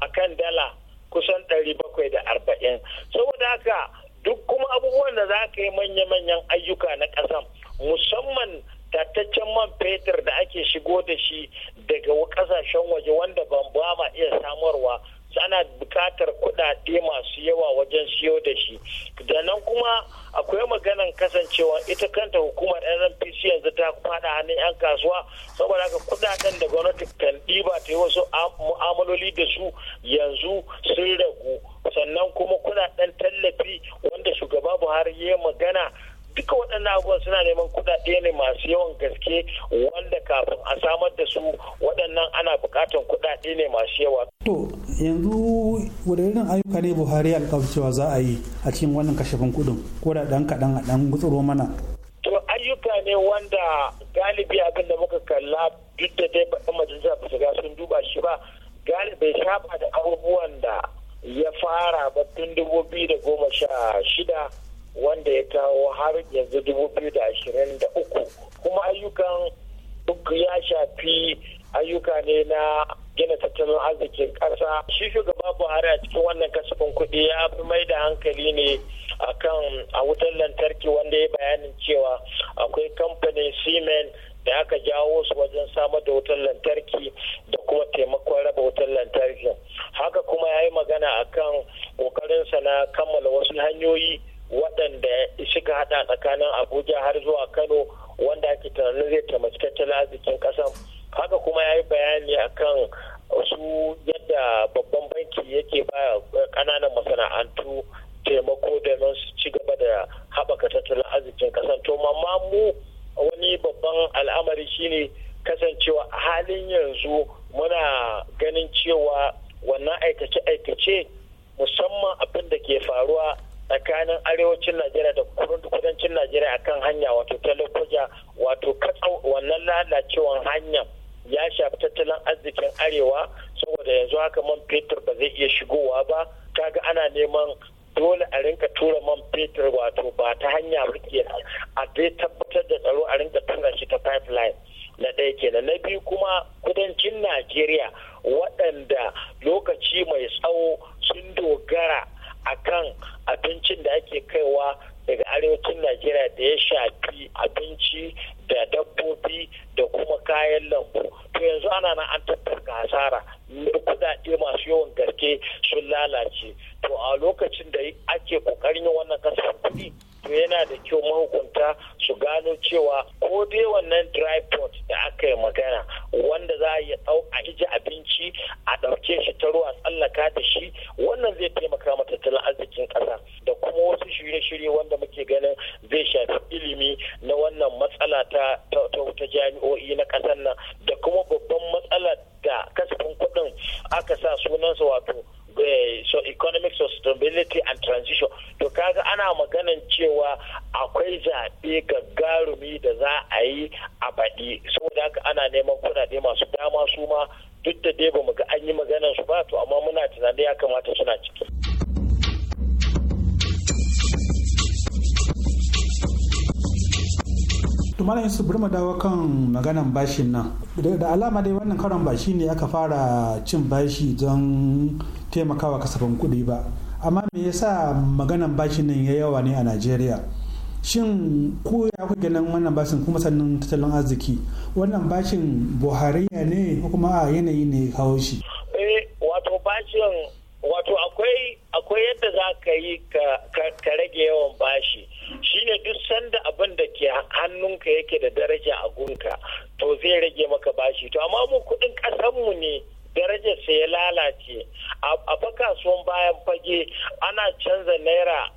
a kan dala kusan ɗari bakwai da arba'in saboda haka duk kuma abubuwan da za ka yi manya-manyan ayyuka na ƙasan musamman tattaccen man fetur da ake shigo da shi daga kasashen waje wanda ban ba ma iya samarwa ana bukatar kuɗaɗe masu yawa wajen siyo da shi da nan kuma akwai maganan kasancewa ita kanta hukumar nnpc yanzu ta fada hannun 'yan kasuwa saboda haka kuɗaɗen da gwamnati kan ɗiba ta yi wasu mu'amaloli da su yanzu sun ragu sannan kuma kuɗaɗen tallafi wanda shugaba buhari ya magana duka waɗannan abubuwan suna neman kuɗaɗe ne masu yawan gaske wanda kafin a samar da su waɗannan ana buƙatar kuɗaɗe ne masu yawa. To yanzu wadda irin ayyuka ne Buhari alƙawar za a yi a cikin wannan kashefin kuɗin ko da ɗan kaɗan a ɗan gutsuro mana. To ayyuka ne wanda galibi abin da muka kalla duk da dai baɗin majalisa ba su ga sun duba shi ba galibi saba da abubuwan da ya fara ba tun dubu biyu da goma sha shida wanda ya kawo har yanzu dubu biyu da ashirin da uku kuma ayyukan duk ya shafi ayyuka ne na gina tattalin arzikin ƙasa shi shugaba buhari a cikin wannan kasafin kuɗi ya fi mai da hankali ne akan a wutar lantarki wanda ya bayanin cewa akwai kamfanin siemens da aka jawo su wajen samar da wutar lantarki da kuma taimakon raba wutar lantarki haka kuma ya yi magana akan kokarinsa na kammala wasu hanyoyi waɗanda suka hada tsakanin abuja har zuwa kano wanda ake tunanin zai taimaki tattalin arzikin kasan haka kuma ya yi bayani akan su yadda babban banki yake ba kananan masana'antu taimako da nan su ci gaba da haɓaka tattalin arzikin ƙasa to amma mu wani babban al'amari shine kasancewa a halin yanzu muna ganin cewa wannan aikace-aikace musamman abin da ke faruwa tsakanin arewacin najeriya da kudancin najeriya akan hanya wato talakoja wato katsau wannan lalacewan hanya ya shafi tattalin arzikin arewa saboda yanzu haka man fetur ba zai iya shigowa ba kaga ana neman dole a rinka tura man fetur wato ba ta hanya rike a dai tabbatar da tsaro a rinka tura shi ta pipeline na ɗaya kenan na biyu kuma kudancin najeriya waɗanda lokaci mai tsawo sun dogara abincin da ake kaiwa daga arewacin najeriya da ya shafi abinci da dabbobi da kuma kayan lambu to yanzu ana nan an tattarka hasara kudade masu yawan gaske sun lalace to a lokacin da ake kokarin yin wannan kasafin kuɗi to yana da kyau mahukunta su gano cewa ko dai wannan dry pot da aka yi magana wanda za a yi a ije abinci a ɗauke shi ta ruwa tsallaka da shi wannan zai taimaka ma tattalin arzikin ƙasa da kuma wasu shirye-shirye wanda muke ganin zai shafi ilimi na wannan matsala ta ta jami'o'i na ƙasar nan da kuma babban matsala da kasafin kuɗin aka sa sunansa wato Eh, so economic sustainability and transition to kaga ana maganan cewa akwai zaɓe gagarumi da za a yi a baɗi saboda haka ana neman kuɗaɗe masu dama su ma duk da dai ba mu ga an yi maganan su ba to amma muna tunanin ya kamata suna ciki. yin su burma dawo kan maganan bashin nan da alama dai wannan karon bashi ne aka fara cin bashi don taimakawa kasafin kuɗi ba amma me yasa maganan bashin nan ya yawa ne a najeriya shin ku ya kuke nan wannan bashin kuma sannan tattalin arziki wannan bashin buhariya ne ko kuma a yanayi ne kawo shi eh, wato bashin wato akwai akwai yadda za ka yi ka rage yawan bashi shine duk sanda abin da ke hannunka yake da daraja a gunka to zai rage maka bashi to amma mu kudin kasanmu ne sa ya lalace a baka sun bayan fage ana canza naira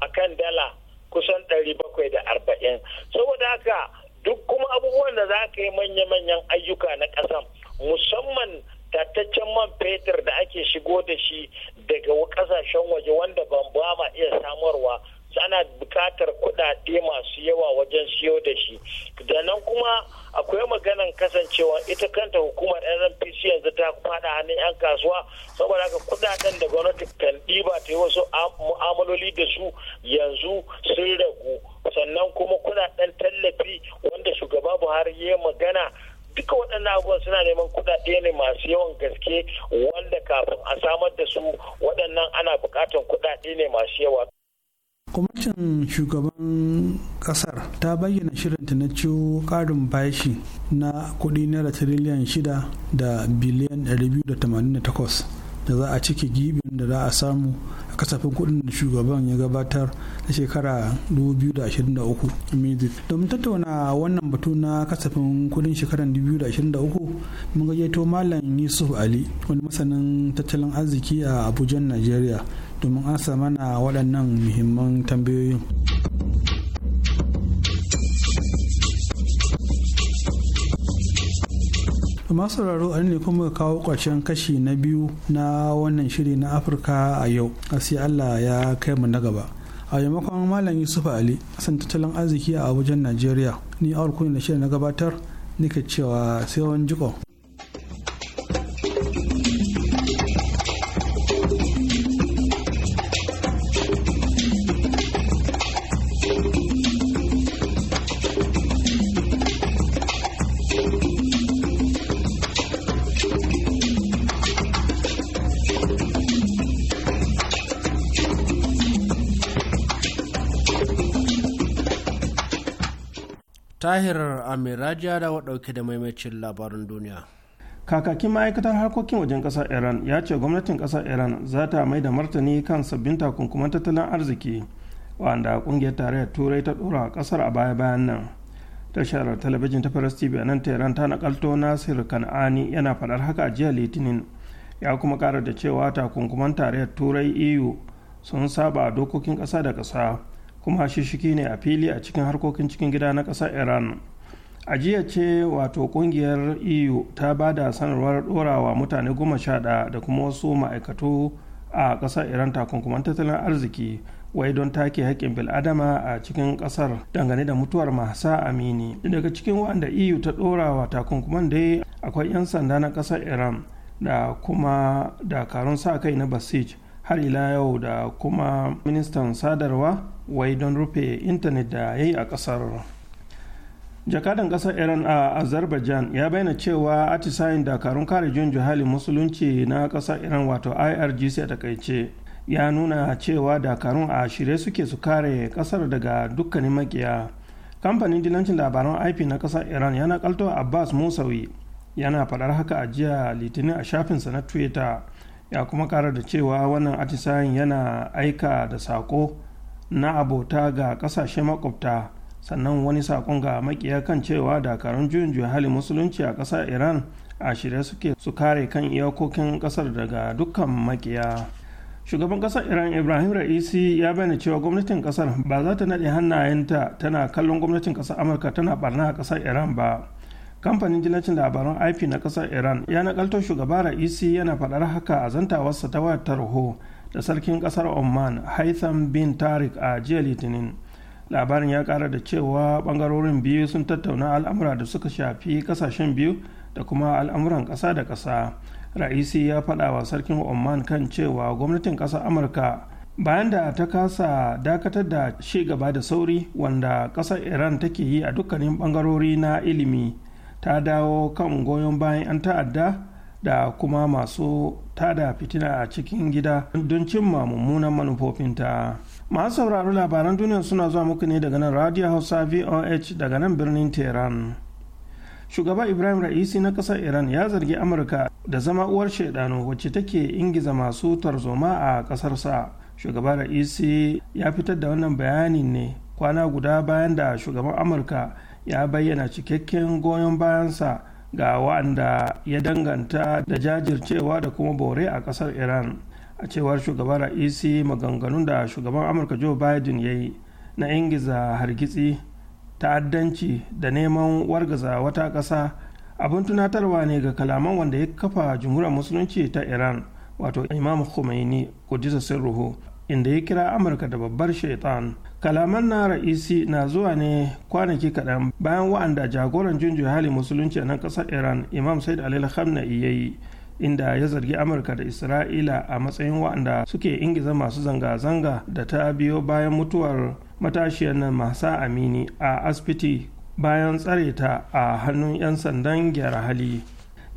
akan dala kusan 740 saboda haka duk kuma abubuwan da za ka yi manya-manyan ayyuka na ƙasan musamman tattaccen man fetur da ake shigo da shi daga kasashen waje wanda ban ba ma iya samarwa ana bukatar kuɗaɗe masu yawa wajen siyo da shi da nan kuma akwai maganan kasancewa ita kanta hukumar nnpc yanzu ta fada hannun 'yan kasuwa saboda haka kudaden da gwamnati kan ɗiba ta yi wasu mu'amaloli da su yanzu sun ragu sannan kuma kudaden tallafi wanda shugaba buhari ya magana duka waɗannan abubuwan suna neman kuɗaɗe ne masu yawan gaske wanda kafin a samar da su waɗannan ana bukatar kuɗaɗe ne masu yawa gwamnatin shugaban kasar ta bayyana shirinta na ciwo karin bashi na kudi naira tiriliyan shida da biliyan 288 da za a cike gibin da za a samu a kasafin kudin da shugaban ya gabatar na shekara 2023 domin tattauna wannan batu na kasafin kudin shekarar 2023 mun gayyato malam yusuf ali wani masanin tattalin arziki a abuja nigeria domin an sama na waɗannan muhimman tambayoyin masu sauraro a ne kuma kawo ƙarshen kashi na biyu na wannan shiri na afirka a yau sai allah ya kai mu na gaba a yamakon malam yusuf ali san tattalin arziki a abujan najeriya ni awar kuni da shirin na gabatar nake cewa sai wani jiko tahir amiraja da ɗauke da maimacin labarin duniya kakakin ma'aikatar harkokin wajen ƙasar iran ya ce gwamnatin ƙasar iran za ta mai da martani kan sabbin takunkuman tattalin arziki wanda ƙungiyar tarayyar turai ta ɗora ƙasar a baya-bayan nan tashar talabijin ta faras tv a nan tehran ta nakalto nasir kan'ani yana faɗar haka a jiya litinin ya kuma ƙara da cewa takunkuman tarayyar turai eu sun saba dokokin ƙasa da ƙasa kuma shishiki ne a fili a cikin harkokin cikin gida na ƙasar iran a jiya ce wato kungiyar eu ta ba da sanarwar ɗorawa mutane goma sha ɗaya da kuma wasu ma'aikatu a ƙasar iran takunkuman tattalin arziki wai don take haƙƙin bil'adama a cikin ƙasar dangane da mutuwar mahsa amini daga cikin wanda eu ta ɗorawa takunkuman dai akwai 'yan sanda na ƙasar iran da kuma dakarun sa kai na basij har ila yau da kuma ministan sadarwa wai don rufe intanet da ya yi a ƙasar jakadan ƙasar iran a azerbaijan ya bayyana cewa atisayin dakarun kare jin juhalin musulunci na ƙasar iran wato irgc a takaice ya nuna cewa dakarun a shirye suke su kare ƙasar daga dukkanin makiya kamfanin dilancin labaran ip na kasar iran yana kalto abbas musawi yana faɗar haka a jiya litinin a shafinsa na twitter ya kuma kara da cewa wannan atisayin yana aika da sako na abota ga ƙasashe makwabta sannan wani saƙon ga makiya kan cewa dakarun juyin juya hali musulunci a ƙasar iran a shirya suke su kare kan iyakokin ƙasar daga dukkan makiya shugaban ƙasar iran ibrahim ra'isi ya bayyana cewa gwamnatin ƙasar ba za ta naɗe hannayenta tana kallon gwamnatin ƙasar amurka tana barna a ƙasar iran ba kamfanin jinacin labaran ip na kasar iran ya nakalto shugaba ra'isi yana faɗar haka a zantawarsa ta wayar tarho da sarkin kasar oman haitham bin tarik a jiya litinin labarin ya kara da cewa bangarorin biyu sun tattauna al'amura da suka shafi ƙasashen biyu da kuma al'amuran ƙasa da ƙasa ra'isi ya faɗa wa sarkin oman kan cewa gwamnatin ƙasar amurka bayan da ta kasa dakatar da shi gaba da sauri wanda ƙasar iran take yi a dukkanin bangarori na ilimi ta dawo kan goyon bayan 'yan ta'adda da kuma masu tada fitina a cikin gida don cimma mummunan manufofinta. Masu sauraro labaran duniya suna zuwa muku ne daga nan Radio Hausa VOH daga nan birnin Tehran. Shugaba Ibrahim Ra'isi na ƙasar Iran ya zargi Amurka da zama uwar shaidano wacce take ingiza masu tarzoma a ƙasarsa. Shugaba Ra'isi ya fitar da wannan bayanin ne kwana guda bayan da shugaban amurka ya bayyana cikakken goyon bayansa ga wa'anda ya danganta da jajircewa da kuma bore a ƙasar iran a cewar shugaban ra'isi maganganun da shugaban amurka joe biden ya yi na ingiza hargitsi ta'addanci da neman wargaza wata ƙasa abin tunatarwa ne ga kalaman wanda ya kafa jumhuriyar musulunci ta iran wato imam khomeini kudisa sirruhu inda ya kira amurka da babbar shaitan kalaman na ra'isi na zuwa ne kwanaki kaɗan bayan wa'anda jagoran junju hali musulunci a nan ƙasar iran imam said alil khamna'i ya yi inda ya zargi amurka da isra'ila a matsayin wa'anda suke ingiza masu zanga-zanga da ta biyo bayan mutuwar matashiyar nan masa amini a asibiti bayan tsare ta a hannun 'yan sandan gyara hali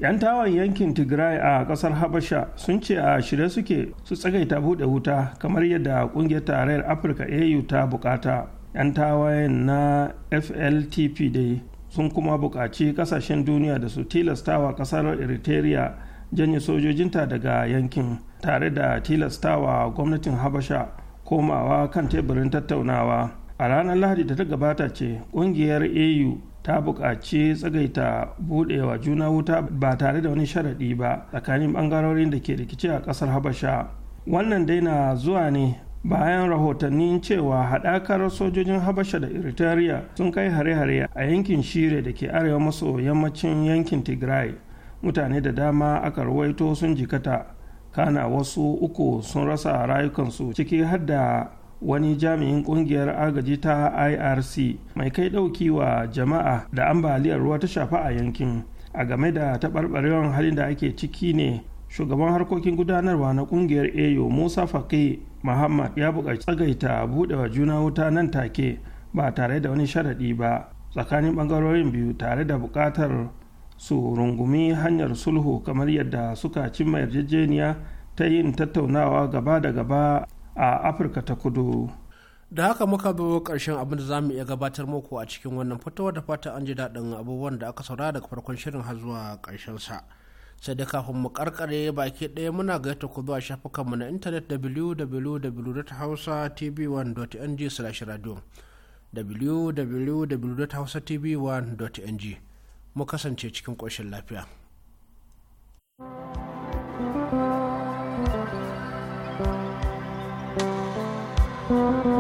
'yan tawon yankin tigray a kasar habasha sun ce a shirye suke su tsagaita bude wuta kamar yadda ƙungiyar tarayyar afirka au ta bukata 'yan tawayen na fltp dai sun kuma buƙaci ƙasashen duniya da su tilastawa ƙasar eritrea janye sojojinta daga yankin tare da tilastawa gwamnatin habasha komawa kan teburin tattaunawa a ranar lahadi da ta gabata ce ƙungiyar au ta buƙaci tsagaita buɗewa juna wuta ba tare da wani sharaɗi ba tsakanin ɓangarorin da ke rikici a ƙasar habasha wannan dai na zuwa ne bayan rahotannin cewa haɗakar sojojin habasha da eritrea sun kai hare-hare a yankin shire da ke arewa maso yammacin yankin tigray mutane da dama aka ruwaito sun jikata kana wasu uku sun rasa rayukansu ciki har da wani jami'in kungiyar agaji ta irc mai kai ɗauki wa jama'a da ambaliyar ruwa ta shafa a yankin a game da taɓarɓarewar halin da ake ciki ne shugaban harkokin gudanarwa na kungiyar ayo musa fake muhammad ya buƙaci tsagaita buɗewa juna wuta nan take ba tare da wani sharaɗi ba tsakanin ɓangarorin biyu tare da buƙatar su rungumi hanyar sulhu kamar yadda suka cimma yarjejeniya ta yin tattaunawa gaba da gaba a afirka ta kudu da haka muka bi karshen abin da zamu iya gabatar muku a cikin wannan fitowa da fata an ji daɗin abubuwan da aka saurara daga farkon shirin har zuwa ƙarshen sa sai da kafin mu karkare baki ɗaya muna gaita ku zuwa mu na intanet www.hausatv1.ng slash radio www.hausatv1.ng mu kasance cikin ƙoshin lafiya. thank you thank you